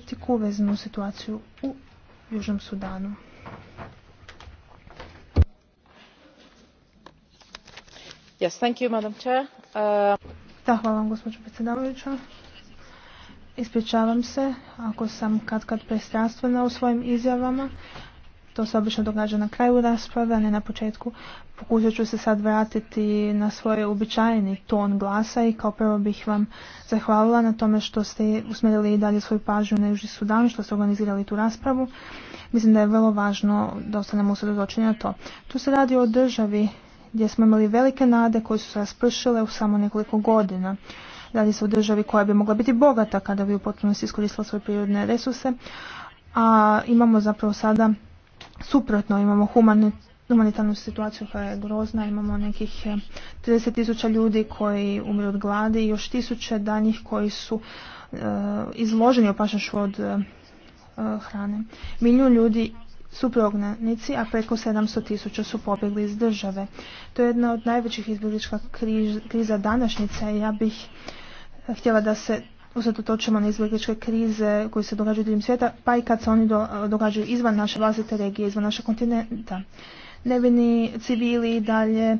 politiku vezanu situaciju u Južnom Sudanu. Yes, thank you, Madam Chair. Uh... Da, hvala vam gospođo predsjedavajuća. Ispričavam se ako sam kad kad prestrastvena u svojim izjavama. To se obično događa na kraju rasprave, a ne na početku. Pokušat ću se sad vratiti na svoj uobičajeni ton glasa i kao prvo bih vam zahvalila na tome što ste usmjerili i dalje svoju pažnju na Južni Sudan, što ste organizirali tu raspravu. Mislim da je vrlo važno da ostanemo usredotočeni na to. Tu se radi o državi gdje smo imali velike nade koje su se raspršile u samo nekoliko godina. Radi se o državi koja bi mogla biti bogata kada bi u potpunosti iskoristila svoje prirodne resurse, a imamo zapravo sada suprotno imamo humanitarnu situaciju koja je grozna, imamo nekih 30.000 eh, tisuća ljudi koji umiru od gladi i još tisuće danjih koji su eh, izloženi opašnošću od eh, hrane. Milijun ljudi su prognanici, a preko 700 tisuća su pobjegli iz države. To je jedna od najvećih izbjeglička kriza današnjice i ja bih htjela da se usredotočimo na izbjegličke krize koje se događaju diljem svijeta, pa i kad se oni događaju izvan naše vlastite regije, izvan našeg kontinenta. Nevini civili i dalje e,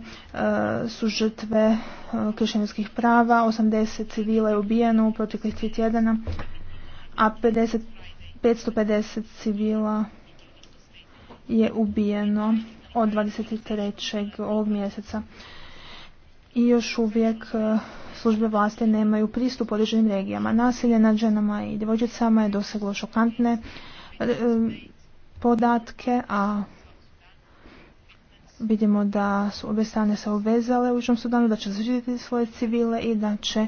su žrtve e, prava, 80 civila je ubijeno u proteklih tri tjedana, a 50, 550 civila je ubijeno od 23. ovog mjeseca i još uvijek e, službe vlasti nemaju pristup određenim regijama. Nasilje nad ženama i djevojčicama je doseglo šokantne e, podatke, a vidimo da su obje strane se obvezale u Južnom Sudanu, da će zaštititi svoje civile i da će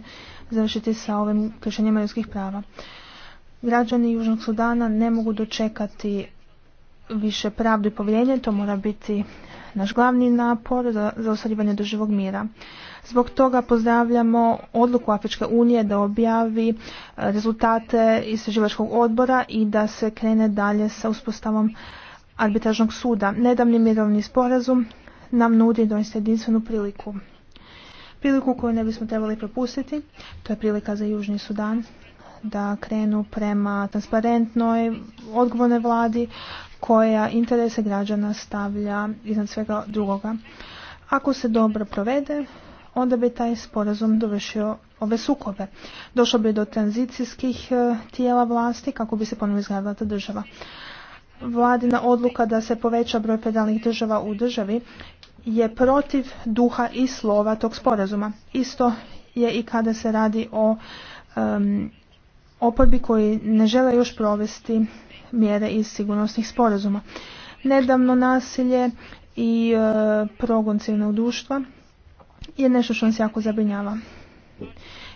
završiti sa ovim kršenjima ljudskih prava. Građani Južnog Sudana ne mogu dočekati više pravdu i povjerenje, to mora biti naš glavni napor za, za ostvarivanje doživog mira. Zbog toga pozdravljamo odluku Afričke unije da objavi e, rezultate istraživačkog odbora i da se krene dalje sa uspostavom arbitražnog suda. Nedavni mirovni sporazum nam nudi doista jedinstvenu priliku. Priliku koju ne bismo trebali propustiti, to je prilika za Južni Sudan da krenu prema transparentnoj, odgovornoj vladi koja interese građana stavlja iznad svega drugoga. Ako se dobro provede, onda bi taj sporazum dovršio ove sukobe. Došlo bi do tranzicijskih e, tijela vlasti kako bi se ponovno izgledala ta država. Vladina odluka da se poveća broj pedalnih država u državi je protiv duha i slova tog sporazuma. Isto je i kada se radi o oporbi koji ne žele još provesti mjere iz sigurnosnih sporazuma. Nedavno nasilje i e, progon civilnog je nešto što nas jako zabrinjava.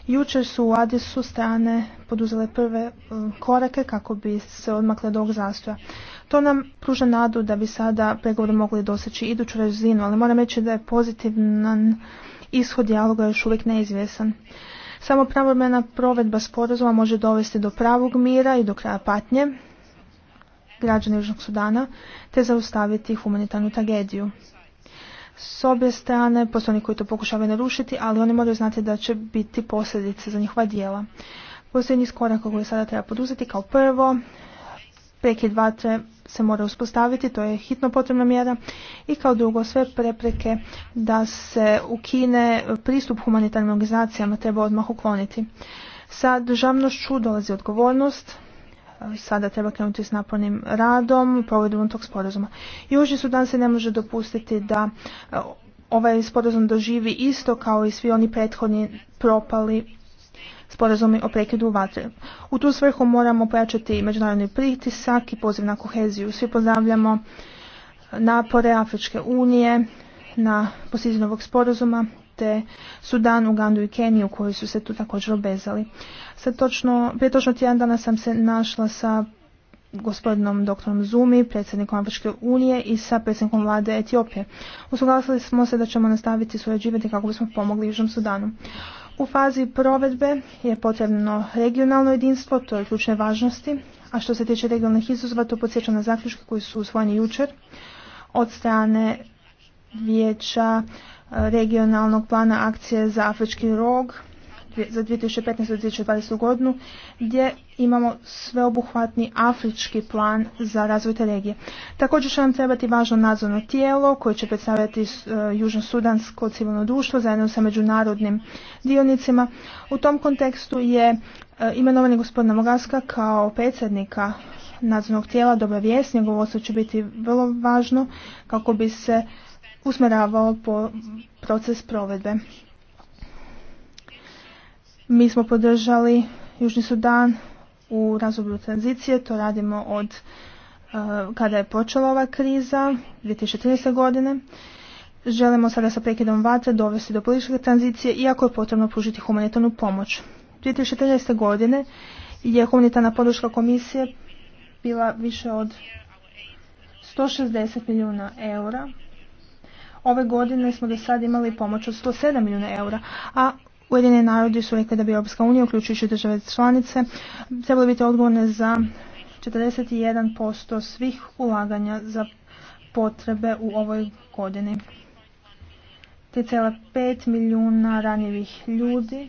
Jučer su u Adisu strane poduzele prve e, korake kako bi se odmakle do ovog zastoja. To nam pruža nadu da bi sada pregovore mogli doseći iduću razinu, ali moram reći da je pozitivan ishod dijaloga još uvijek neizvjesan. Samo pravovremena provedba sporazuma može dovesti do pravog mira i do kraja patnje, građane Južnog Sudana te zaustaviti humanitarnu tragediju. S obje strane, postoje oni koji to pokušavaju narušiti, ali oni moraju znati da će biti posljedice za njihova dijela. Posljednji skorak koji koje sada treba poduzeti. Kao prvo, prekid vatre se mora uspostaviti, to je hitno potrebna mjera. I kao drugo, sve prepreke da se ukine pristup humanitarnim organizacijama treba odmah ukloniti. Sa državnošću dolazi odgovornost, sada treba krenuti s napornim radom, provedbom tog sporazuma. Južni Sudan se ne može dopustiti da e, ovaj sporazum doživi isto kao i svi oni prethodni propali sporazumi o prekidu vatre. U tu svrhu moramo pojačati međunarodni pritisak i poziv na koheziju. Svi pozdravljamo napore Afričke unije na postizanju ovog sporazuma te Sudan, Ugandu i Keniju koji su se tu također obezali. Sad točno, prije točno tjedan dana sam se našla sa gospodinom doktorom Zumi, predsjednikom Afričke unije i sa predsjednikom vlade Etiopije. Usuglasili smo se da ćemo nastaviti surađivati kako bismo pomogli Južnom Sudanu. U fazi provedbe je potrebno regionalno jedinstvo, to je ključne važnosti, a što se tiče regionalnih izazova, to podsjećam na zaključke koji su usvojeni jučer od strane vijeća e, regionalnog plana akcije za afrički rog za 2015-2020 godinu gdje imamo sveobuhvatni afrički plan za razvoj te regije. Također će nam trebati važno nadzorno tijelo koje će predstavljati e, Južno-Sudansko civilno društvo zajedno sa međunarodnim dionicima. U tom kontekstu je e, imenovanje gospodina Mogaska kao predsjednika nadzornog tijela dobra vijest, njegovo će biti vrlo važno kako bi se usmjeravao po proces provedbe. Mi smo podržali Južni Sudan u razdoblju tranzicije, to radimo od e, kada je počela ova kriza 2014. godine. Želimo sada sa prekidom vatre dovesti do političke tranzicije, iako je potrebno pružiti humanitarnu pomoć. 2013. godine je humanitarna podrška komisije bila više od 160 milijuna eura Ove godine smo do sad imali pomoć od 107 milijuna eura, a Ujedine narodi su rekli da bi Europska unija, uključujući države članice, trebali biti odgovorne za 41% svih ulaganja za potrebe u ovoj godini. 3,5 milijuna ranjivih ljudi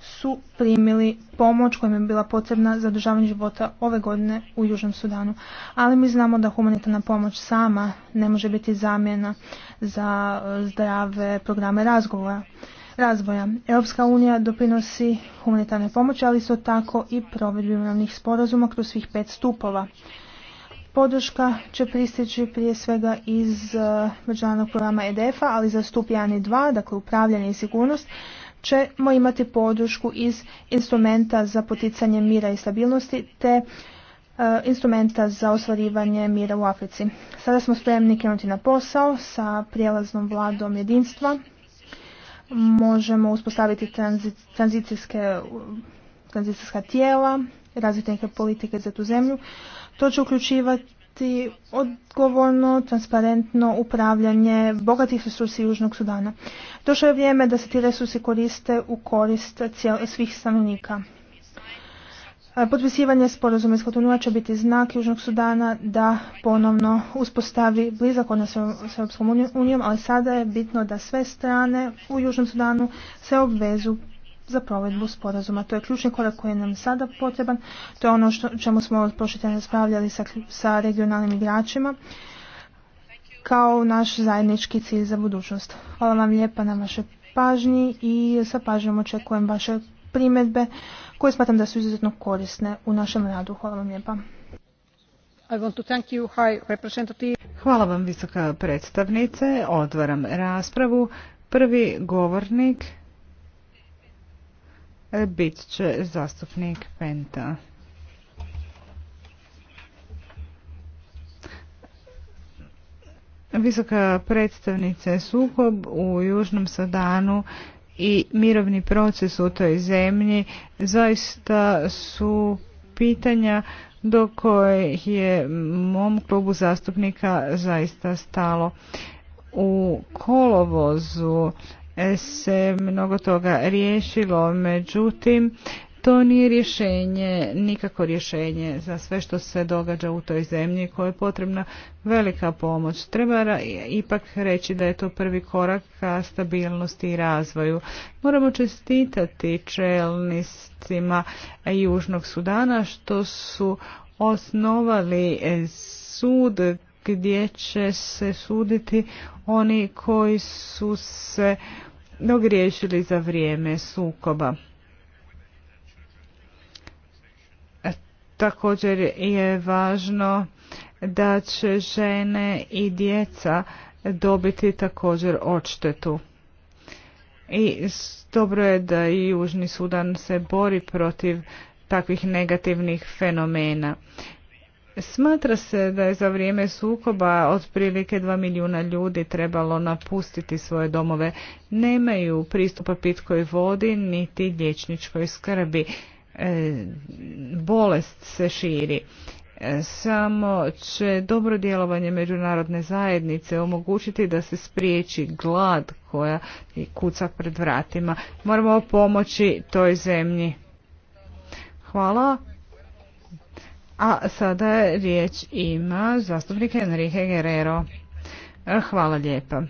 su primili pomoć kojim je bila potrebna za održavanje života ove godine u Južnom Sudanu. Ali mi znamo da humanitarna pomoć sama ne može biti zamjena za e, zdrave programe razgovora. Razvoja. Europska unija doprinosi humanitarne pomoći, ali isto tako i provedbi uravnih sporazuma kroz svih pet stupova. Podrška će pristići prije svega iz e, međunarodnog programa EDF-a, ali za stup 1 i 2, dakle upravljanje i sigurnost, ćemo imati podršku iz instrumenta za poticanje mira i stabilnosti te e, instrumenta za ostvarivanje mira u Africi. Sada smo spremni krenuti na posao sa prijelaznom vladom jedinstva. Možemo uspostaviti tranzicijska tijela, razviti politike za tu zemlju. To će uključivati i odgovorno, transparentno upravljanje bogatih resursi Južnog Sudana. Došlo je vrijeme da se ti resursi koriste u korist svih stanovnika. E, potpisivanje sporazuma iz Kotonua će biti znak Južnog Sudana da ponovno uspostavi blizak odnos s Europskom unijom, ali sada je bitno da sve strane u Južnom Sudanu se obvezu za provedbu sporazuma. To je ključni korak koji je nam sada potreban. To je ono što, čemu smo prošli raspravljali sa, sa regionalnim igračima kao naš zajednički cilj za budućnost. Hvala vam lijepa na vašoj pažnji i sa pažnjom očekujem vaše primjedbe koje smatram da su izuzetno korisne u našem radu. Hvala vam lijepa. Hvala vam visoka predstavnice. Otvaram raspravu. Prvi govornik E, bit će zastupnik Penta. Visoka predstavnica sukob u Južnom Sadanu i mirovni proces u toj zemlji zaista su pitanja do kojih je mom klubu zastupnika zaista stalo. U kolovozu se mnogo toga riješilo, međutim to nije rješenje, nikako rješenje za sve što se događa u toj zemlji koja je potrebna velika pomoć. Treba ipak reći da je to prvi korak ka stabilnosti i razvoju. Moramo čestitati čelnicima Južnog Sudana što su osnovali sud gdje će se suditi oni koji su se dogriješili za vrijeme sukoba. E, također je važno da će žene i djeca dobiti također odštetu. I dobro je da i Južni Sudan se bori protiv takvih negativnih fenomena. Smatra se da je za vrijeme sukoba otprilike dva milijuna ljudi trebalo napustiti svoje domove. Nemaju pristupa pitkoj vodi niti lječničkoj skrbi. E, bolest se širi. E, samo će dobro djelovanje međunarodne zajednice omogućiti da se spriječi glad koja kuca pred vratima. Moramo pomoći toj zemlji. Hvala. A sada riječ ima zastupnik Enrique Guerrero. E, hvala lijepa.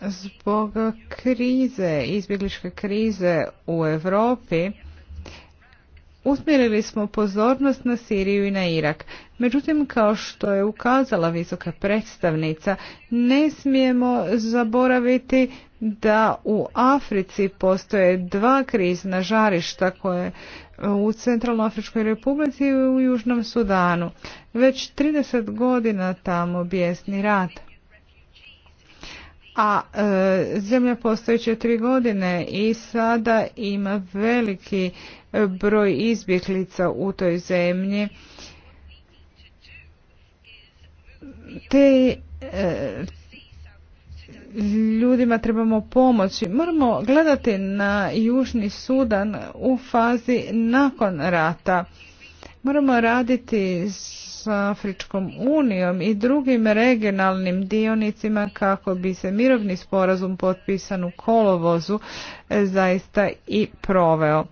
Zbog krize, izbjegličke krize u Europi, Usmjerili smo pozornost na Siriju i na Irak. Međutim, kao što je ukazala visoka predstavnica, ne smijemo zaboraviti da u Africi postoje dva krizna žarišta koje u Centralnoafričkoj republici i u Južnom Sudanu. Već 30 godina tamo bijesni rat a e, zemlja postojeće tri godine i sada ima veliki e, broj izbjeglica u toj zemlji. Te e, ljudima trebamo pomoći. Moramo gledati na Južni Sudan u fazi nakon rata. Moramo raditi s sa Afričkom unijom i drugim regionalnim dionicima kako bi se mirovni sporazum potpisan u kolovozu e, zaista i proveo.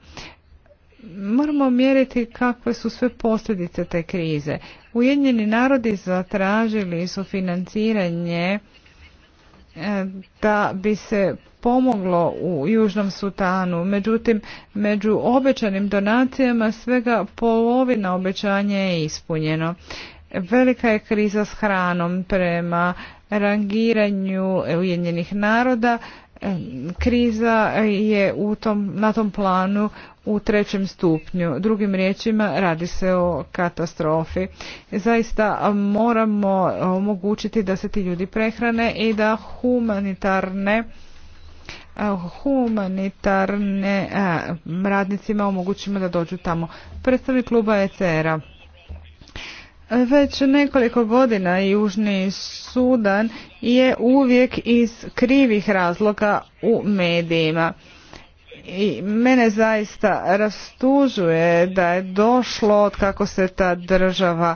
Moramo mjeriti kakve su sve posljedice te krize. Ujedinjeni narodi zatražili su financiranje da bi se pomoglo u Južnom Sutanu. Međutim, među obećanim donacijama svega polovina obećanja je ispunjeno. Velika je kriza s hranom prema rangiranju Ujedinjenih naroda kriza je u tom, na tom planu u trećem stupnju. Drugim riječima radi se o katastrofi. Zaista moramo omogućiti da se ti ljudi prehrane i da humanitarne humanitarne radnicima omogućimo da dođu tamo. Predstavnik kluba ECR-a. Već nekoliko godina Južni Sudan je uvijek iz krivih razloga u medijima. I mene zaista rastužuje da je došlo od kako se ta država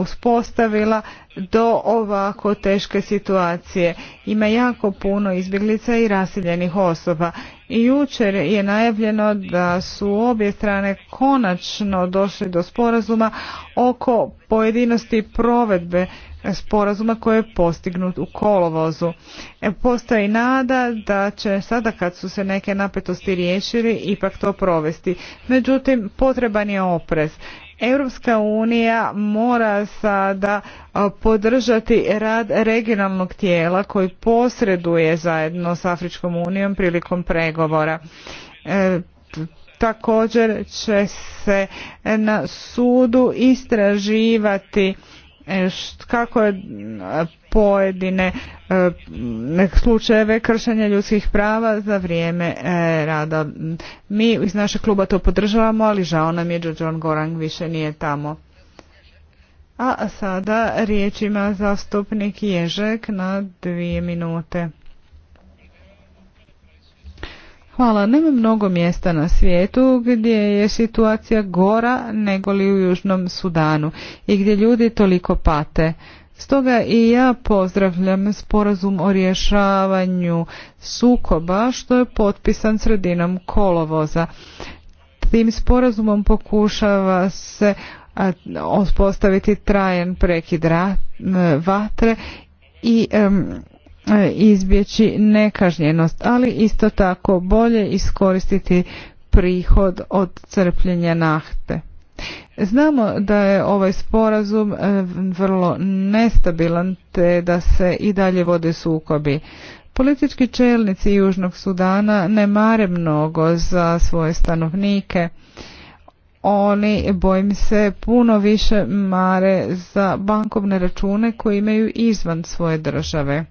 uspostavila do ovako teške situacije. Ima jako puno izbjeglica i raseljenih osoba. I jučer je najavljeno da su obje strane konačno došli do sporazuma oko pojedinosti provedbe sporazuma koji je postignut u kolovozu. E, postoji nada da će sada kad su se neke napetosti riješili ipak to provesti. Međutim, potreban je oprez. Europska unija mora sada podržati rad regionalnog tijela koji posreduje zajedno s Afričkom unijom prilikom pregovora. E, također će se na sudu istraživati E, kako je e, pojedine e, slučajeve kršenja ljudskih prava za vrijeme rada. Mi iz našeg kluba to podržavamo, ali žao nam je John Gorang više nije tamo. A sada riječ ima zastupnik Ježek na dvije minute. Hvala. Nema mnogo mjesta na svijetu gdje je situacija gora nego li u Južnom Sudanu i gdje ljudi toliko pate. Stoga i ja pozdravljam sporazum o rješavanju sukoba što je potpisan sredinom kolovoza. Tim sporazumom pokušava se uspostaviti trajan prekid vatre i E, izbjeći nekažnjenost, ali isto tako bolje iskoristiti prihod od crpljenja nahte. Znamo da je ovaj sporazum e, vrlo nestabilan te da se i dalje vode sukobi. Politički čelnici Južnog Sudana ne mare mnogo za svoje stanovnike. Oni, bojim se, puno više mare za bankovne račune koje imaju izvan svoje države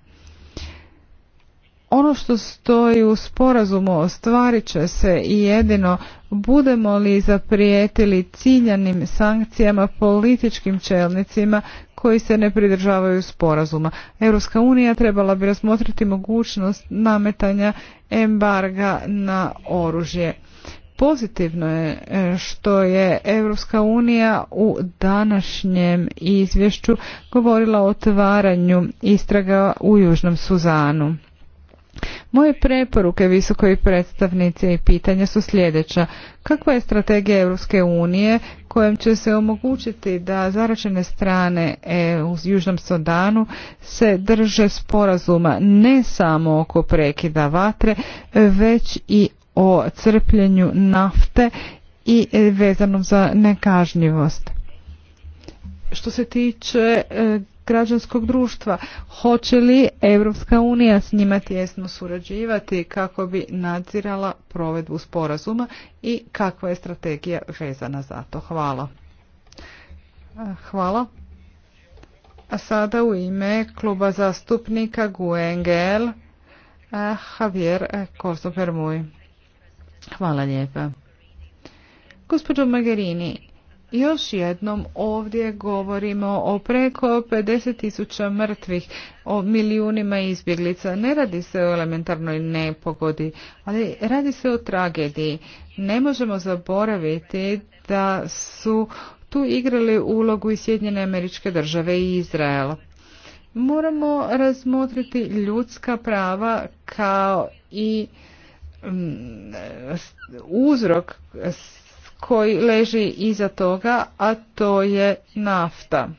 ono što stoji u sporazumu ostvarit će se i jedino budemo li zaprijetili ciljanim sankcijama političkim čelnicima koji se ne pridržavaju sporazuma. Europska unija trebala bi razmotriti mogućnost nametanja embarga na oružje. Pozitivno je e, što je Europska unija u današnjem izvješću govorila o otvaranju istraga u Južnom Suzanu. Moje preporuke visokoj predstavnici i pitanja su sljedeća. Kakva je strategija Europske unije kojom će se omogućiti da zaračene strane e, u Južnom Sudanu se drže sporazuma ne samo oko prekida vatre, već i o crpljenju nafte i vezanom za nekažnjivost. Što se tiče e, građanskog društva. Hoće li Europska unija s njima tjesno surađivati kako bi nadzirala provedbu sporazuma i kakva je strategija vezana za to? Hvala. Hvala. A sada u ime kluba zastupnika GUNGL Javier Corso Hvala lijepa. Gospođo Magherini, još jednom ovdje govorimo o preko 50 tisuća mrtvih, o milijunima izbjeglica. Ne radi se o elementarnoj nepogodi, ali radi se o tragediji. Ne možemo zaboraviti da su tu igrali ulogu i Sjedinjene američke države i Izrael. Moramo razmotriti ljudska prava kao i mm, uzrok koji leži iza toga, a to je nafta.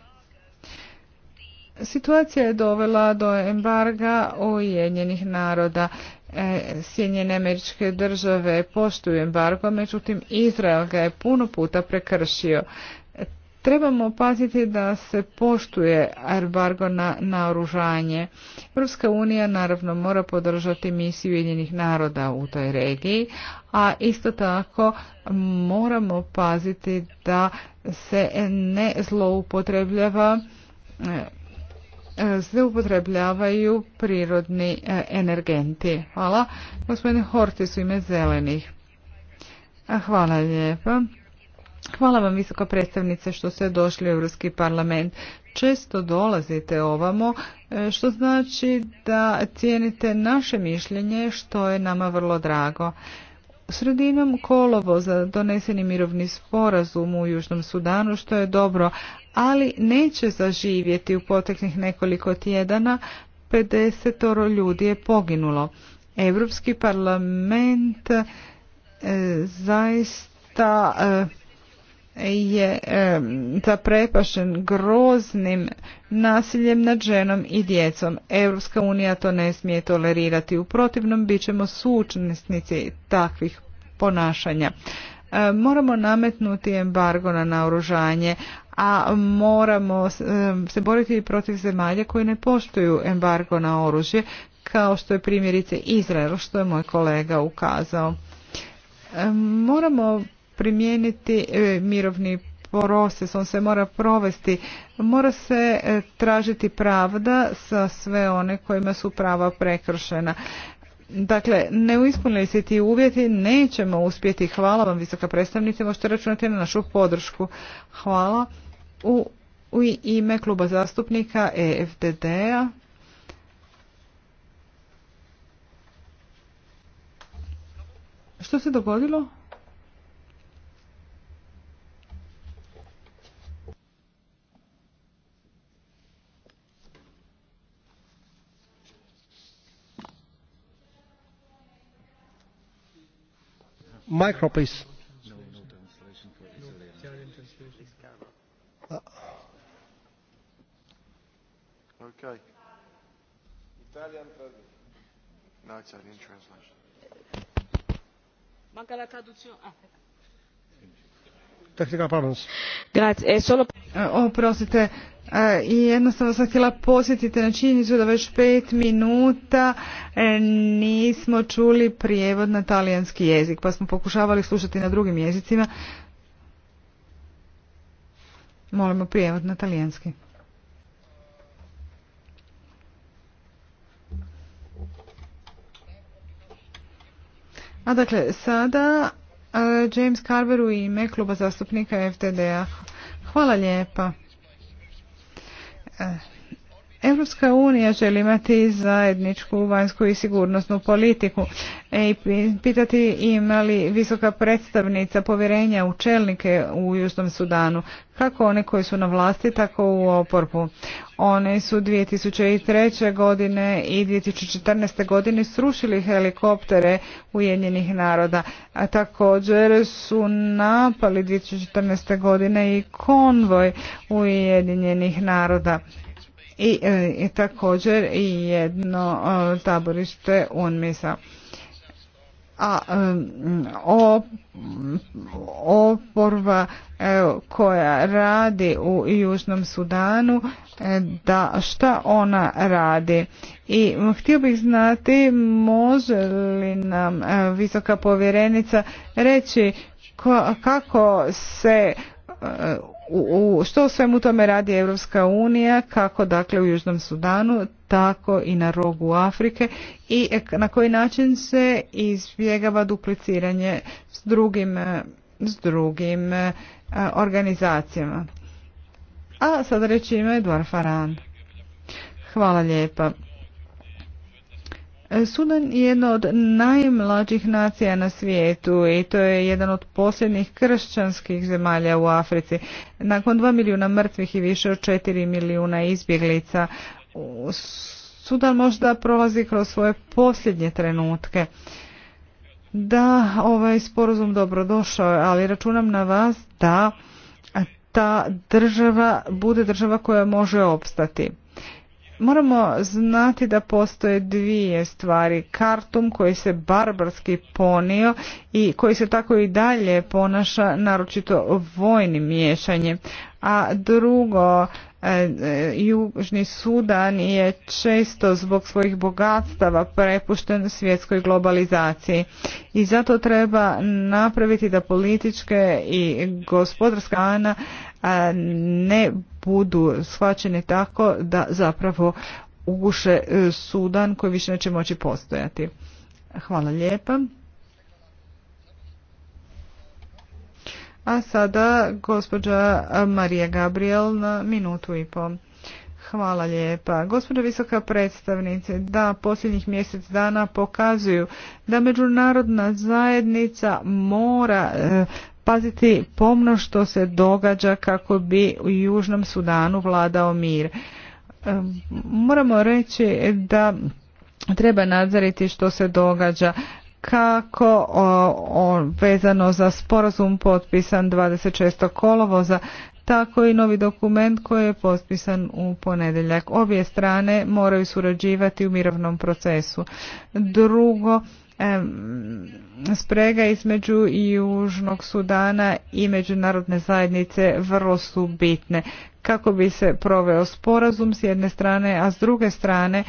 Situacija je dovela do embarga Ujedinjenih naroda. E, Sjedinjene američke države poštuju embargo, međutim Izrael ga je puno puta prekršio. Trebamo paziti da se poštuje embargo na naoružanje. Europska unija naravno mora podržati misiju Ujedinjenih naroda u toj regiji, a isto tako moramo paziti da se ne zloupotrebljava e, zloupotrebljavaju prirodni e, energenti. Hvala. Gospodine Hortis u ime zelenih. Hvala lijepa. Hvala vam visoka predstavnice što ste došli u Europski parlament. Često dolazite ovamo, e, što znači da cijenite naše mišljenje, što je nama vrlo drago. Sredinom kolovoza doneseni mirovni sporazum u Južnom Sudanu, što je dobro, ali neće zaživjeti u poteknih nekoliko tjedana, 50 ljudi je poginulo. Europski parlament e, zaista e, je ta zaprepašen groznim nasiljem nad ženom i djecom. Europska unija to ne smije tolerirati. U protivnom bit ćemo sučnesnici takvih ponašanja. moramo nametnuti embargo na naoružanje, a moramo se boriti i protiv zemalja koje ne poštuju embargo na oružje, kao što je primjerice Izrael, što je moj kolega ukazao. Moramo primijeniti e, mirovni proces, on se mora provesti. Mora se e, tražiti pravda sa sve one kojima su prava prekršena. Dakle, ne ispunili se ti uvjeti, nećemo uspjeti. Hvala vam, visoka predstavnice, možete računati na našu podršku. Hvala. U, u ime kluba zastupnika EFDD-a. Što se dogodilo? Micro, please. Okay. Italian No, Italian translation. Manca la traduzione. Ah, Technical problems. Grazie, e solo... E, oprostite, e, i jednostavno sam htjela posjetiti na činjenicu da već pet minuta nismo čuli prijevod na talijanski jezik, pa smo pokušavali slušati na drugim jezicima. Molimo prijevod na talijanski. A dakle, sada James Carveru i ime kluba zastupnika FTD-a. Hvala lijepa. E, Europska unija želi imati zajedničku vanjsku i sigurnosnu politiku e, i pitati ima li visoka predstavnica povjerenja u čelnike u Južnom Sudanu, kako one koji su na vlasti, tako u oporbu. One su 2003. godine i 2014. godine srušili helikoptere Ujedinjenih naroda, a također su napali 2014. godine i konvoj Ujedinjenih naroda i, e, i također jedno e, taborište UNMISA. A e, oporba koja radi u Južnom Sudanu, da šta ona radi. I htio bih znati može li nam visoka povjerenica reći kako se u, što u svemu tome radi Europska unija, kako dakle u Južnom Sudanu, tako i na rogu Afrike i na koji način se izbjegava dupliciranje s drugim, e, s drugim e, organizacijama. A sada reći ima Eduard Faran. Hvala lijepa. E, Sudan je jedna od najmlađih nacija na svijetu i to je jedan od posljednjih kršćanskih zemalja u Africi. Nakon 2 milijuna mrtvih i više od 4 milijuna izbjeglica, Sudan možda prolazi kroz svoje posljednje trenutke. Da, ovaj sporazum došao, ali računam na vas da ta država bude država koja može opstati. Moramo znati da postoje dvije stvari. Kartum koji se barbarski ponio i koji se tako i dalje ponaša naročito vojnim miješanjem. A drugo, e, e, Južni Sudan je često zbog svojih bogatstava prepušten svjetskoj globalizaciji i zato treba napraviti da političke i gospodarska ana ne budu shvaćene tako da zapravo uguše e, Sudan koji više neće moći postojati. Hvala lijepa. A sada gospođa Marija Gabriel na minutu i pol. Hvala lijepa. Gospođo visoka predstavnice, da, posljednjih mjesec dana pokazuju da međunarodna zajednica mora e, paziti pomno što se događa kako bi u Južnom Sudanu vladao mir. E, moramo reći da treba nadzoriti što se događa kako o, vezano za sporazum potpisan 26. kolovoza, tako i novi dokument koji je potpisan u ponedjeljak. Obje strane moraju surađivati u mirovnom procesu. Drugo, sprega između Južnog Sudana i međunarodne zajednice vrlo su bitne kako bi se proveo sporazum s jedne strane, a s druge strane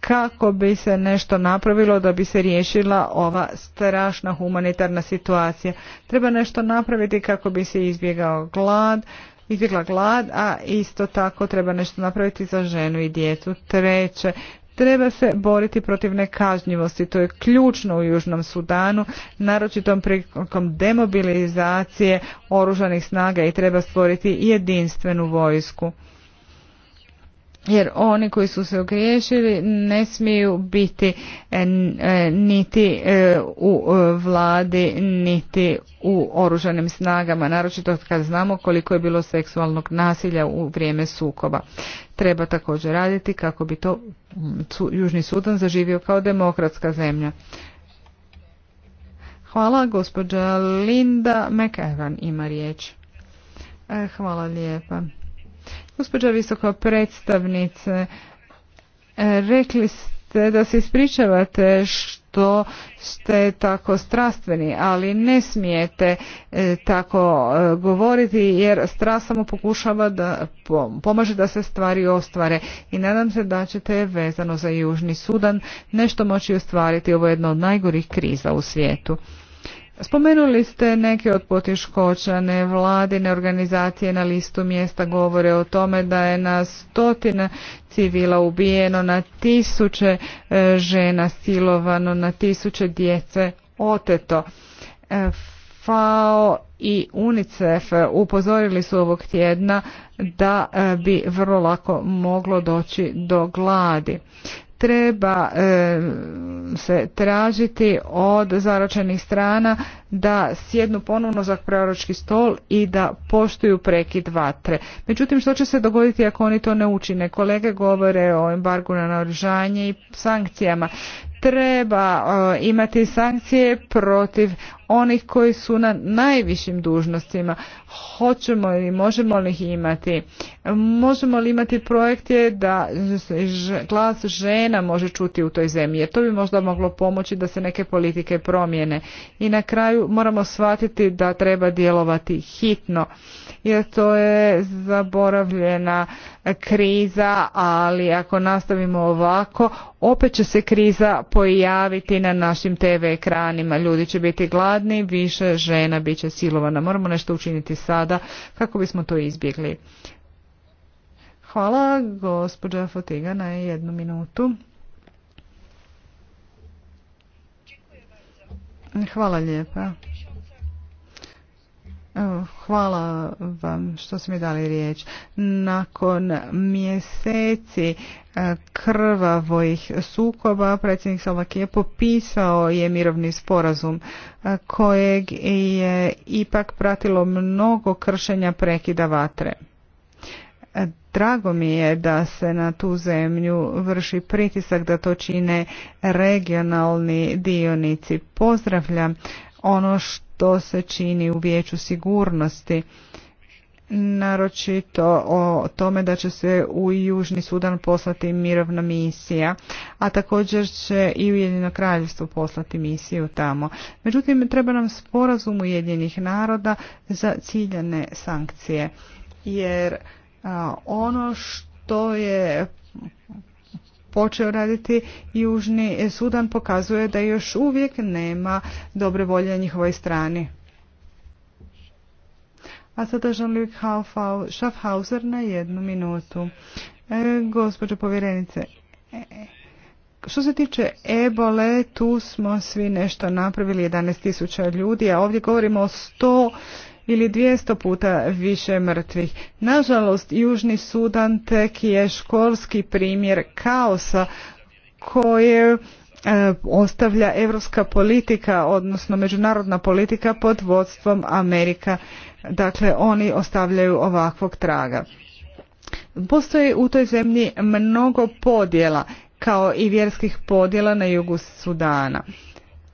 kako bi se nešto napravilo da bi se riješila ova strašna humanitarna situacija. Treba nešto napraviti kako bi se izbjegao glad, izbjegla glad, a isto tako treba nešto napraviti za ženu i djecu. Treće, Treba se boriti protiv nekažnjivosti, to je ključno u Južnom Sudanu, naročito prilikom demobilizacije oružanih snaga i treba stvoriti jedinstvenu vojsku jer oni koji su se ogriješili ne smiju biti e, e, niti e, u vladi niti u oružanim snagama, naročito kad znamo koliko je bilo seksualnog nasilja u vrijeme sukoba. Treba također raditi kako bi to Južni Sudan zaživio kao demokratska zemlja. Hvala, gospođa Linda McEvan ima riječ. Hvala lijepa. Gospođa visoka predstavnice, e, rekli ste da se ispričavate što ste tako strastveni, ali ne smijete e, tako e, govoriti jer strast samo pokušava da pomaže da se stvari ostvare i nadam se da ćete vezano za Južni Sudan nešto moći ostvariti. Ovo je jedna od najgorih kriza u svijetu. Spomenuli ste neke od poteškoća, nevladine organizacije na listu mjesta govore o tome da je na stotina civila ubijeno, na tisuće e, žena silovano, na tisuće djece oteto. E, FAO i UNICEF upozorili su ovog tjedna da e, bi vrlo lako moglo doći do gladi treba e, se tražiti od zaročenih strana da sjednu ponovno za preoročki stol i da poštuju prekid vatre. Međutim, što će se dogoditi ako oni to ne učine? Kolege govore o embargu na naoružanje i sankcijama. Treba e, imati sankcije protiv onih koji su na najvišim dužnostima. Hoćemo li, možemo li ih imati? Možemo li imati projekte da glas žena može čuti u toj zemlji? Jer to bi možda moglo pomoći da se neke politike promijene. I na kraju moramo shvatiti da treba djelovati hitno. Jer to je zaboravljena kriza, ali ako nastavimo ovako, opet će se kriza pojaviti na našim TV ekranima. Ljudi će biti glasni gladni, više žena bit će silovana. Moramo nešto učiniti sada kako bismo to izbjegli. Hvala gospođa Fotiga na jednu minutu. Hvala lijepa. Hvala vam što ste mi dali riječ. Nakon mjeseci e, krvavojih sukoba predsjednik je popisao je mirovni sporazum e, kojeg je ipak pratilo mnogo kršenja prekida vatre. E, drago mi je da se na tu zemlju vrši pritisak da to čine regionalni dionici. Pozdravljam ono što to se čini u vijeću sigurnosti naročito o tome da će se u Južni Sudan poslati mirovna misija, a također će i Ujedinjeno kraljevstvo poslati misiju tamo. Međutim, treba nam sporazum Ujedinjenih naroda za ciljane sankcije, jer ono što je počeo raditi Južni Sudan pokazuje da još uvijek nema dobre volje na njihovoj strani. A sada jean Schaffhauser na jednu minutu. E, povjerenice, e, što se tiče ebole, tu smo svi nešto napravili, 11.000 ljudi, a ovdje govorimo o 100 ili 200 puta više mrtvih. Nažalost, Južni Sudan tek je školski primjer kaosa koje e, ostavlja europska politika, odnosno međunarodna politika pod vodstvom Amerika. Dakle, oni ostavljaju ovakvog traga. Postoji u toj zemlji mnogo podjela, kao i vjerskih podjela na jugu Sudana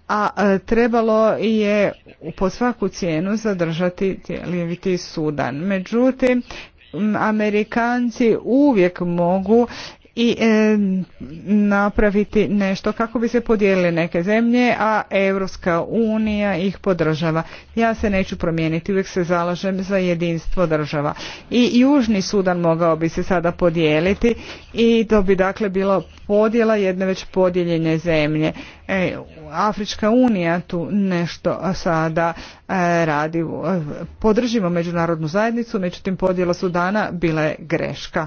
a e, trebalo je po svaku cijenu zadržati Lijeviti Sudan. Međutim, Amerikanci uvijek mogu i e, napraviti nešto kako bi se podijelile neke zemlje, a Europska unija ih podržava. Ja se neću promijeniti, uvijek se zalažem za jedinstvo država. I Južni Sudan mogao bi se sada podijeliti i to bi dakle bilo podjela jedne već podijeljene zemlje. E, Afrička unija tu nešto sada e, radi. Podržimo međunarodnu zajednicu, međutim podjela Sudana bila je greška.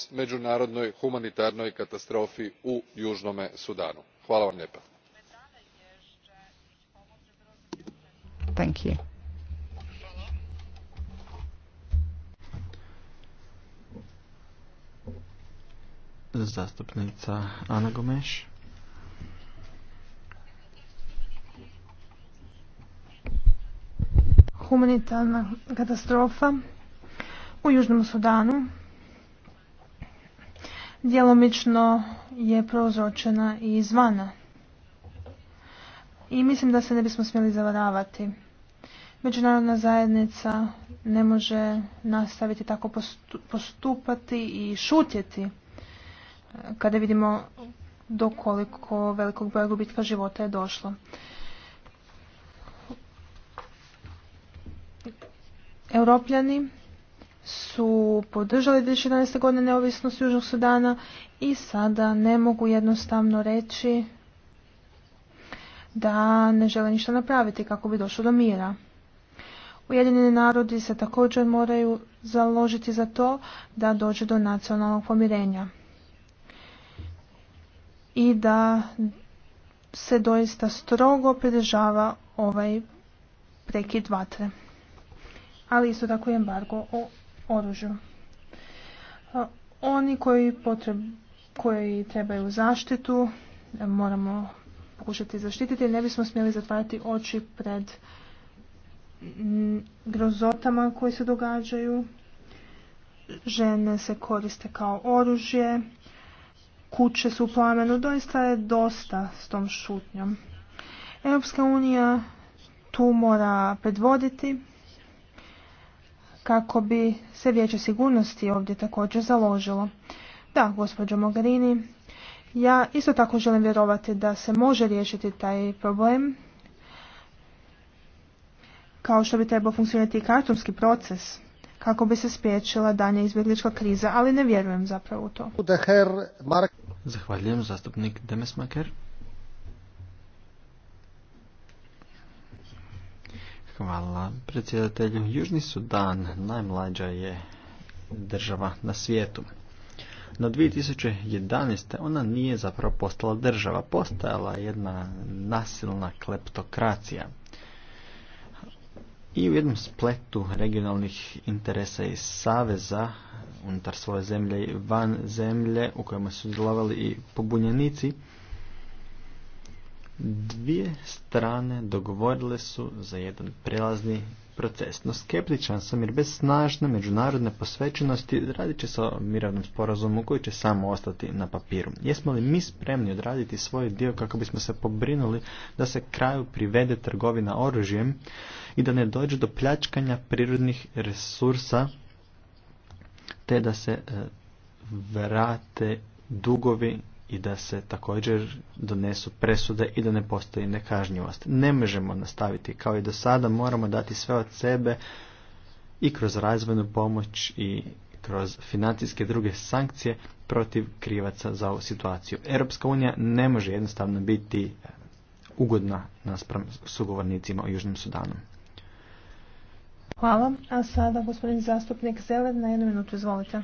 međunarodnoj meunarodnoj humanitarnoj katastrofi u junome sudanu. hvala vam lijepa. Zastupnica Ana Gomeš. Humanitarna katastrofa u Južnom Sudanu djelomično je prouzročena i izvana. I mislim da se ne bismo smjeli zavaravati. Međunarodna zajednica ne može nastaviti tako postupati i šutjeti e, kada vidimo do koliko velikog broja gubitka života je došlo. Europljani su podržali 2011. godine neovisnost Južnog Sudana i sada ne mogu jednostavno reći da ne žele ništa napraviti kako bi došlo do mira. Ujedinjeni narodi se također moraju založiti za to da dođe do nacionalnog pomirenja i da se doista strogo pridržava ovaj prekid vatre. Ali isto tako i embargo o oružju. Oni koji, koji trebaju zaštitu e, moramo pokušati zaštititi ne bismo smjeli zatvarati oči pred grozotama koji se događaju. Žene se koriste kao oružje, kuće su u plamenu, doista je dosta s tom šutnjom. Europska unija tu mora predvoditi kako bi se vijeće sigurnosti ovdje također založilo. Da, gospođo Mogherini, ja isto tako želim vjerovati da se može riješiti taj problem kao što bi trebao funkcionirati i kartonski proces kako bi se spriječila danja izbjeglička kriza, ali ne vjerujem zapravo u to. Zahvaljujem zastupnik Demesmaker. Hvala predsjedatelju. Južni Sudan najmlađa je država na svijetu. No 2011. ona nije zapravo postala država, postajala jedna nasilna kleptokracija. I u jednom spletu regionalnih interesa i saveza unutar svoje zemlje i van zemlje u kojima su djelovali i pobunjenici, Dvije strane dogovorile su za jedan prelazni proces. No skeptičan sam jer bez snažne međunarodne posvećenosti radit će se o miravnom sporazumu koji će samo ostati na papiru. Jesmo li mi spremni odraditi svoj dio kako bismo se pobrinuli da se kraju privede trgovina oružjem i da ne dođe do pljačkanja prirodnih resursa te da se e, vrate dugovi i da se također donesu presude i da ne postoji nekažnjivost. Ne možemo nastaviti kao i do sada, moramo dati sve od sebe i kroz razvojnu pomoć i kroz financijske druge sankcije protiv krivaca za ovu situaciju. Europska unija ne može jednostavno biti ugodna naspram sugovornicima u Južnim Sudanu. Hvala. A sada gospodin zastupnik Zeler na jednu minutu. Izvolite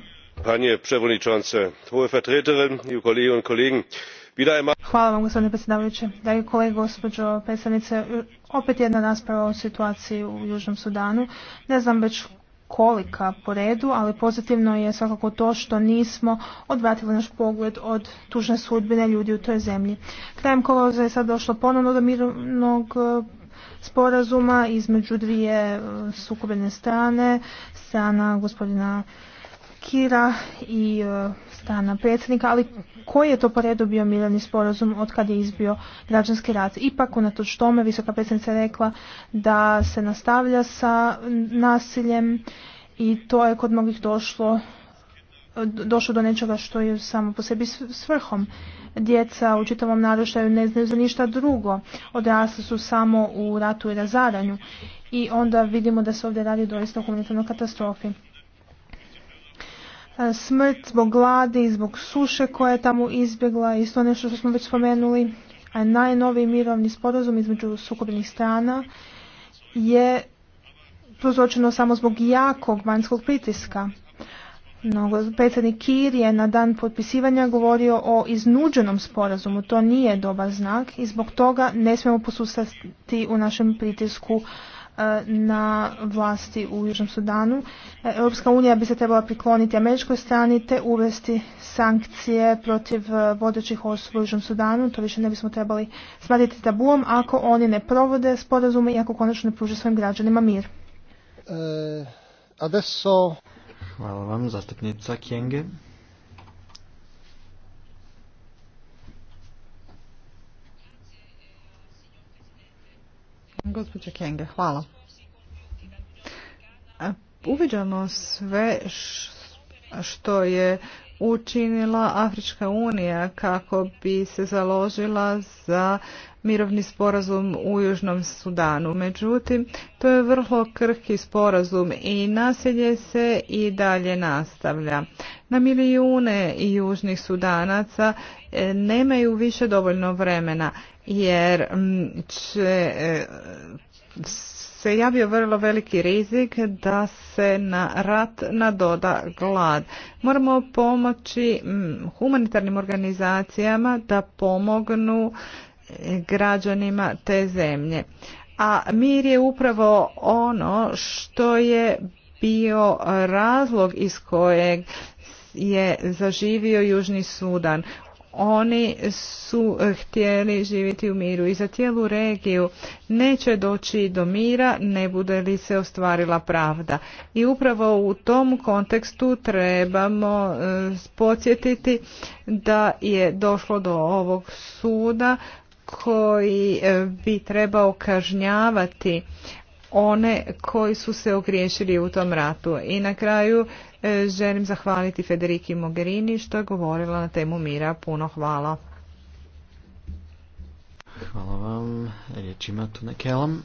hvala vam gospodine predsjedavajući dragi kolege gospođo predstavnice opet jedna rasprava o situaciji u južnom sudanu ne znam već kolika po redu ali pozitivno je svakako to što nismo odvratili naš pogled od tužne sudbine ljudi u toj zemlji krajem kolovoza je sad došlo ponovno do mirovnog e, sporazuma između dvije e, sukobljene strane strana gospodina Kira i e, strana predsjednika, ali koji je to po redu bio mirovni sporazum od kad je izbio građanski rat? Ipak, unatoč tome, visoka predsjednica rekla da se nastavlja sa nasiljem i to je kod mnogih došlo došlo do nečega što je samo po sebi svrhom. Djeca u čitavom naraštaju ne znaju za ništa drugo. Odrasli su samo u ratu i razaranju. I onda vidimo da se ovdje radi doista o humanitarnoj katastrofi. E, smrt zbog gladi, zbog suše koja je tamo izbjegla, isto nešto što smo već spomenuli, a e, najnoviji mirovni sporazum između sukobnih strana je prozročeno samo zbog jakog vanjskog pritiska. No, predsjednik Kir je na dan potpisivanja govorio o iznuđenom sporazumu. To nije dobar znak i zbog toga ne smijemo posustati u našem pritisku E, na vlasti u Južnom Sudanu. E, Europska unija bi se trebala prikloniti američkoj strani te uvesti sankcije protiv e, vodećih osoba u Južnom Sudanu. To više ne bismo trebali smatiti tabuom ako oni ne provode sporazume i ako konačno ne pruže svojim građanima mir. Hvala vam, zastupnica Kjenge. Gospođa Kenge, hvala. Uviđamo sve što je učinila Afrička unija kako bi se založila za mirovni sporazum u Južnom Sudanu. Međutim, to je vrlo krhki sporazum i nasilje se i dalje nastavlja. Na milijune južnih sudanaca e, nemaju više dovoljno vremena jer mm, će e, se javio vrlo veliki rizik da se na rat nadoda glad. Moramo pomoći mm, humanitarnim organizacijama da pomognu e, građanima te zemlje. A mir je upravo ono što je bio razlog iz kojeg je zaživio Južni Sudan oni su eh, htjeli živjeti u miru i za cijelu regiju neće doći do mira ne bude li se ostvarila pravda i upravo u tom kontekstu trebamo eh, podsjetiti da je došlo do ovog suda koji eh, bi trebao kažnjavati one koji su se ogriješili u tom ratu. I na kraju E, želim zahvaliti Federiki Mogherini što je govorila na temu mira. Puno hvala. Hvala vam. Riječ ima tu nekelam.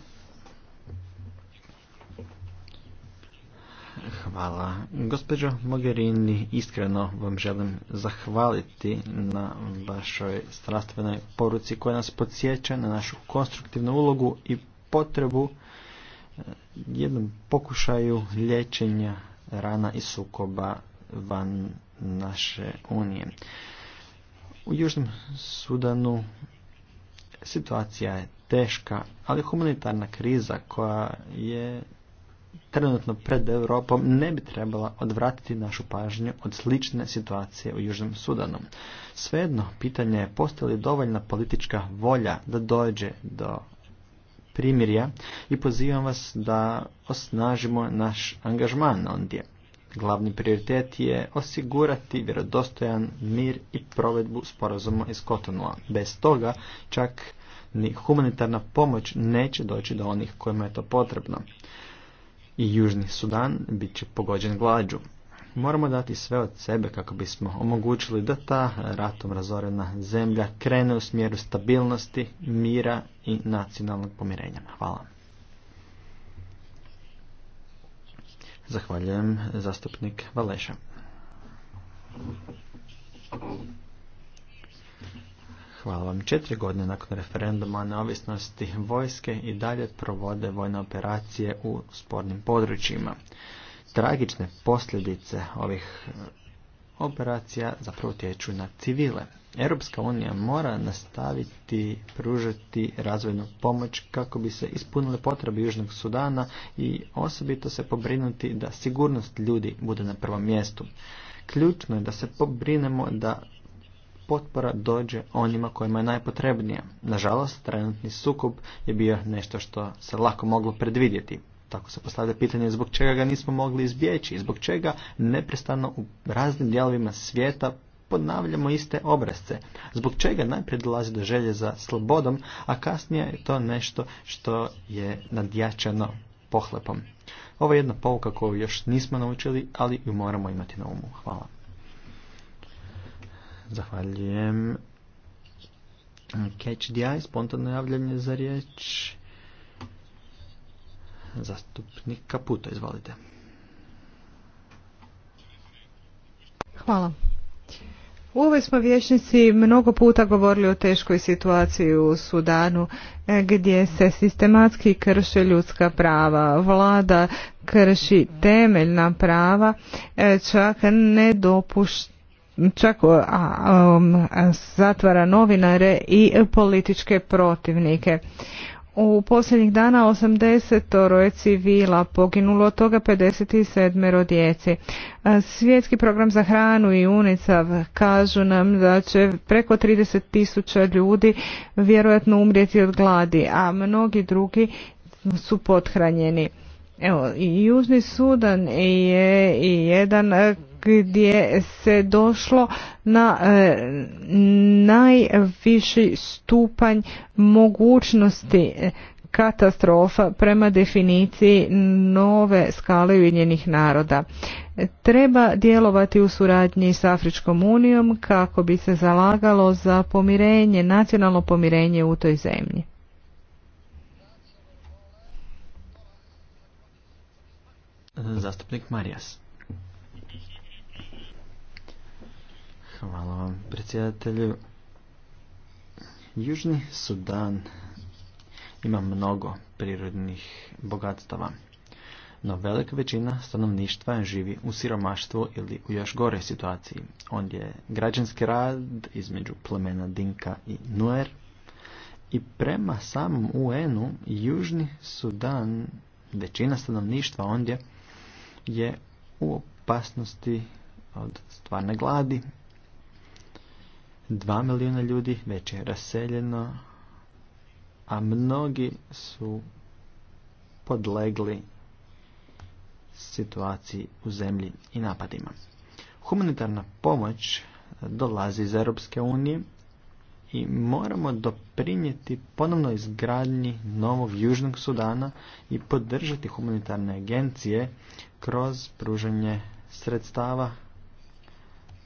Hvala. Gospođo Mogherini, iskreno vam želim zahvaliti na vašoj strastvenoj poruci koja nas podsjeća na našu konstruktivnu ulogu i potrebu e, jednom pokušaju liječenja rana i sukoba van naše unije. U Južnom Sudanu situacija je teška, ali humanitarna kriza koja je trenutno pred Europom ne bi trebala odvratiti našu pažnju od slične situacije u Južnom Sudanu. Svejedno, pitanje je postoji li dovoljna politička volja da dođe do primirja i pozivam vas da osnažimo naš angažman ondje. Glavni prioritet je osigurati vjerodostojan mir i provedbu sporazuma iz Kotonua. Bez toga čak ni humanitarna pomoć neće doći do onih kojima je to potrebno. I Južni Sudan bit će pogođen glađu. Moramo dati sve od sebe kako bismo omogućili da ta ratom razorena zemlja krene u smjeru stabilnosti, mira i nacionalnog pomirenja. Hvala. Zahvaljujem zastupnik Valeša. Hvala vam. Četiri godine nakon referenduma neovisnosti vojske i dalje provode vojne operacije u spornim područjima tragične posljedice ovih eh, operacija zapravo tječu na civile. Europska unija mora nastaviti pružati razvojnu pomoć kako bi se ispunile potrebe Južnog Sudana i osobito se pobrinuti da sigurnost ljudi bude na prvom mjestu. Ključno je da se pobrinemo da potpora dođe onima kojima je najpotrebnija. Nažalost, trenutni sukob je bio nešto što se lako moglo predvidjeti tako se postavlja pitanje zbog čega ga nismo mogli izbjeći, zbog čega neprestano u raznim dijelovima svijeta ponavljamo iste obrazce, zbog čega najprije dolazi do želje za slobodom, a kasnije je to nešto što je nadjačano pohlepom. Ovo je jedna pouka koju još nismo naučili, ali ju moramo imati na umu. Hvala. Zahvaljujem. Catch spontano javljanje za riječ. Zastupnik Kaputo, izvolite. Hvala. U ovoj smo vječnici mnogo puta govorili o teškoj situaciji u Sudanu e, gdje se sistematski krše ljudska prava. Vlada krši temeljna prava, e, čak ne dopušta čak a, um, zatvara novinare i političke protivnike. U posljednjih dana 80 je civila poginulo, od toga 57 djeci. E, svjetski program za hranu i UNICEF kažu nam da će preko 30 tisuća ljudi vjerojatno umrijeti od gladi, a mnogi drugi su pothranjeni. Evo, Južni Sudan je jedan e, gdje se došlo na e, najviši stupanj mogućnosti katastrofa prema definiciji nove skale Ujedinjenih naroda. Treba djelovati u suradnji s Afričkom unijom kako bi se zalagalo za pomirenje, nacionalno pomirenje u toj zemlji. Zastupnik Marijas. Hvala vam, predsjedatelju. Južni Sudan ima mnogo prirodnih bogatstava, no velika većina stanovništva živi u siromaštvu ili u još gore situaciji. Ondje je građanski rad između plemena Dinka i Nuer i prema samom UN-u Južni Sudan, većina stanovništva ondje je u opasnosti od stvarne gladi dva milijuna ljudi već je raseljeno, a mnogi su podlegli situaciji u zemlji i napadima. Humanitarna pomoć dolazi iz Europske unije i moramo doprinijeti ponovno izgradnji novog Južnog Sudana i podržati humanitarne agencije kroz pružanje sredstava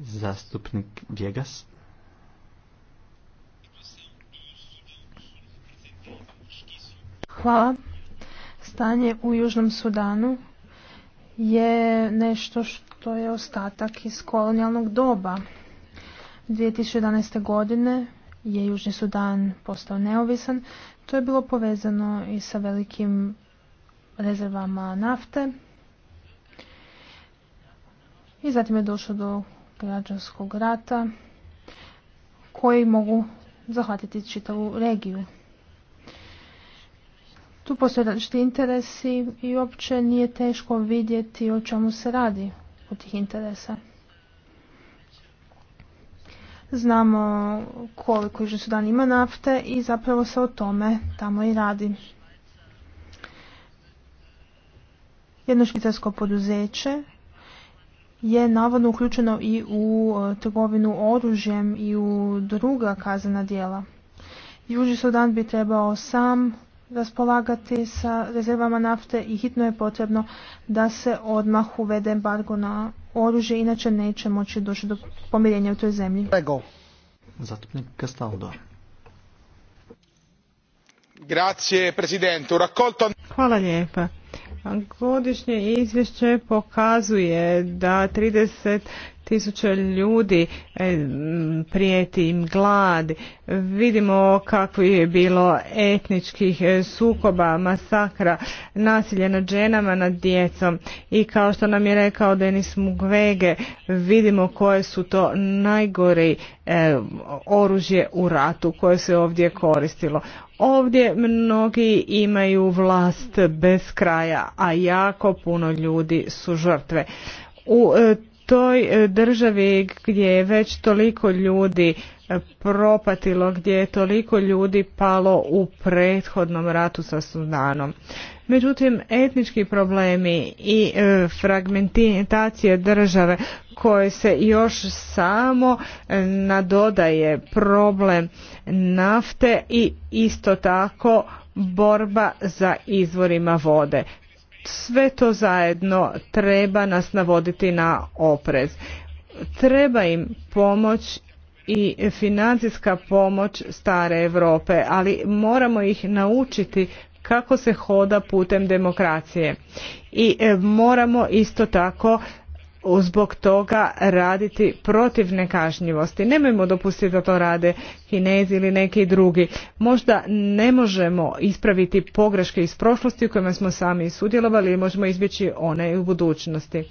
Zastupnik Vjegas. Hvala. Stanje u Južnom Sudanu je nešto što je ostatak iz kolonijalnog doba. 2011. godine je Južni Sudan postao neovisan. To je bilo povezano i sa velikim rezervama nafte. I zatim je došlo do građanskog rata koji mogu zahvatiti čitavu regiju. Tu postoje različiti interesi i uopće nije teško vidjeti o čemu se radi od tih interesa. Znamo koliko Južni Sudan ima nafte i zapravo se o tome tamo i radi. Jedno švicarsko poduzeće je navodno uključeno i u e, trgovinu oružjem i u druga kazana djela. Južni Sudan bi trebao sam raspolagati sa rezervama nafte i hitno je potrebno da se odmah uvede embargo na oružje, inače neće moći doći do pomirenja u toj zemlji. Grazie, Presidente. Hvala lijepa. Godišnje izvješće pokazuje da 30 Tisuće ljudi, e, prijeti im glad, vidimo kako je bilo etničkih e, sukoba, masakra, nasilje nad ženama, nad djecom i kao što nam je rekao Denis Mugvege, vidimo koje su to najgori e, oružje u ratu koje se ovdje koristilo. Ovdje mnogi imaju vlast bez kraja, a jako puno ljudi su žrtve. U toj e, državi gdje je već toliko ljudi e, propatilo, gdje je toliko ljudi palo u prethodnom ratu sa Sudanom. Međutim, etnički problemi i e, fragmentacije države koje se još samo nadodaje problem nafte i isto tako borba za izvorima vode sve to zajedno treba nas navoditi na oprez. Treba im pomoć i financijska pomoć stare Europe, ali moramo ih naučiti kako se hoda putem demokracije. I e, moramo isto tako zbog toga raditi protiv nekažnjivosti. Nemojmo dopustiti da to rade Kinezi ili neki drugi. Možda ne možemo ispraviti pogreške iz prošlosti u kojima smo sami sudjelovali i možemo izbjeći one u budućnosti.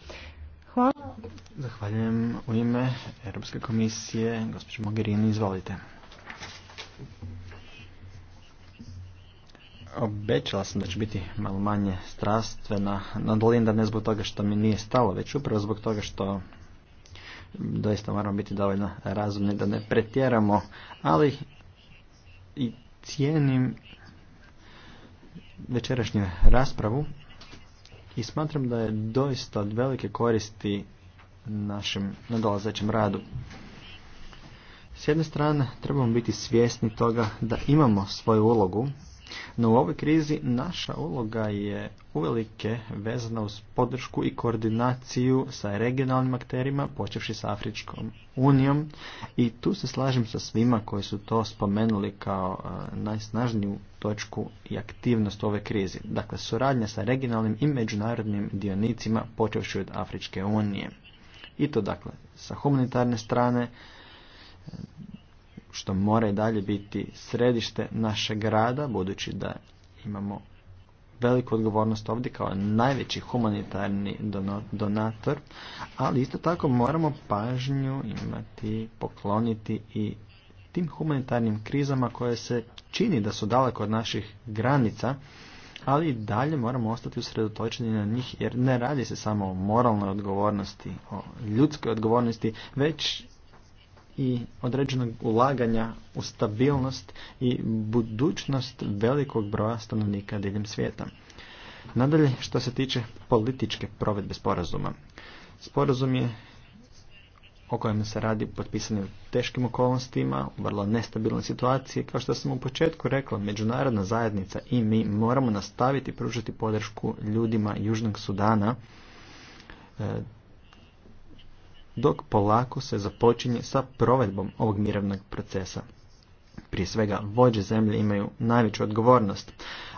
Hvala. Zahvaljujem u ime Europske komisije. Gospođo Mogherini, izvolite. Obećala sam da ću biti malo manje strastvena na da ne zbog toga što mi nije stalo, već upravo zbog toga što doista moramo biti dovoljno razumni da ne pretjeramo, ali i cijenim večerašnju raspravu i smatram da je doista od velike koristi našem nadolazećem radu. S jedne strane trebamo biti svjesni toga da imamo svoju ulogu no u ovoj krizi naša uloga je uvelike vezana uz podršku i koordinaciju sa regionalnim akterima, počevši sa Afričkom unijom i tu se slažem sa svima koji su to spomenuli kao e, najsnažniju točku i aktivnost ove krizi. Dakle, suradnja sa regionalnim i međunarodnim dionicima počevši od Afričke unije. I to dakle sa humanitarne strane, što mora i dalje biti središte našeg grada budući da imamo veliku odgovornost ovdje kao najveći humanitarni donator, ali isto tako moramo pažnju imati, pokloniti i tim humanitarnim krizama koje se čini da su daleko od naših granica, ali i dalje moramo ostati usredotočeni na njih jer ne radi se samo o moralnoj odgovornosti, o ljudskoj odgovornosti, već i određenog ulaganja u stabilnost i budućnost velikog broja stanovnika diljem svijeta. Nadalje, što se tiče političke provedbe sporazuma. Sporazum je o kojem se radi potpisan u teškim okolnostima, u vrlo nestabilnoj situaciji. Kao što sam u početku rekla, međunarodna zajednica i mi moramo nastaviti pružiti podršku ljudima Južnog Sudana, e, dok polako se započinje sa provedbom ovog mirovnog procesa. Prije svega, vođe zemlje imaju najveću odgovornost,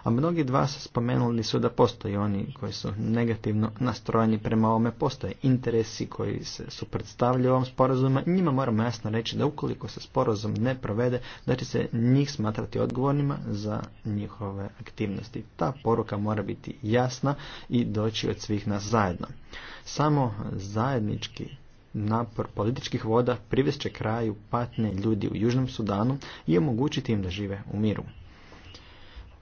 a mnogi dva vas spomenuli su da postoje oni koji su negativno nastrojeni prema ovome, postoje interesi koji se suprotstavljaju ovom sporazumu, njima moramo jasno reći da ukoliko se sporazum ne provede, da će se njih smatrati odgovornima za njihove aktivnosti. Ta poruka mora biti jasna i doći od svih nas zajedno. Samo zajednički napor političkih voda privest će kraju patne ljudi u Južnom Sudanu i omogućiti im da žive u miru.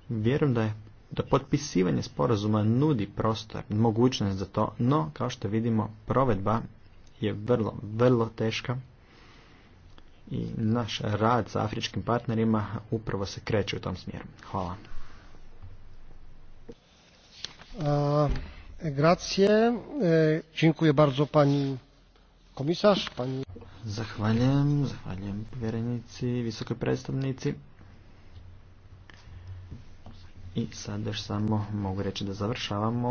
Vjerujem da je da potpisivanje sporazuma nudi prostor, mogućnost za to, no kao što vidimo provedba je vrlo, vrlo teška i naš rad sa afričkim partnerima upravo se kreće u tom smjeru. Hvala. Uh, grazie, e, dziękuję bardzo pani pani... Zahvaljujem, zahvaljujem povjerenici, visokoj predstavnici. I sad još samo mogu reći da završavamo.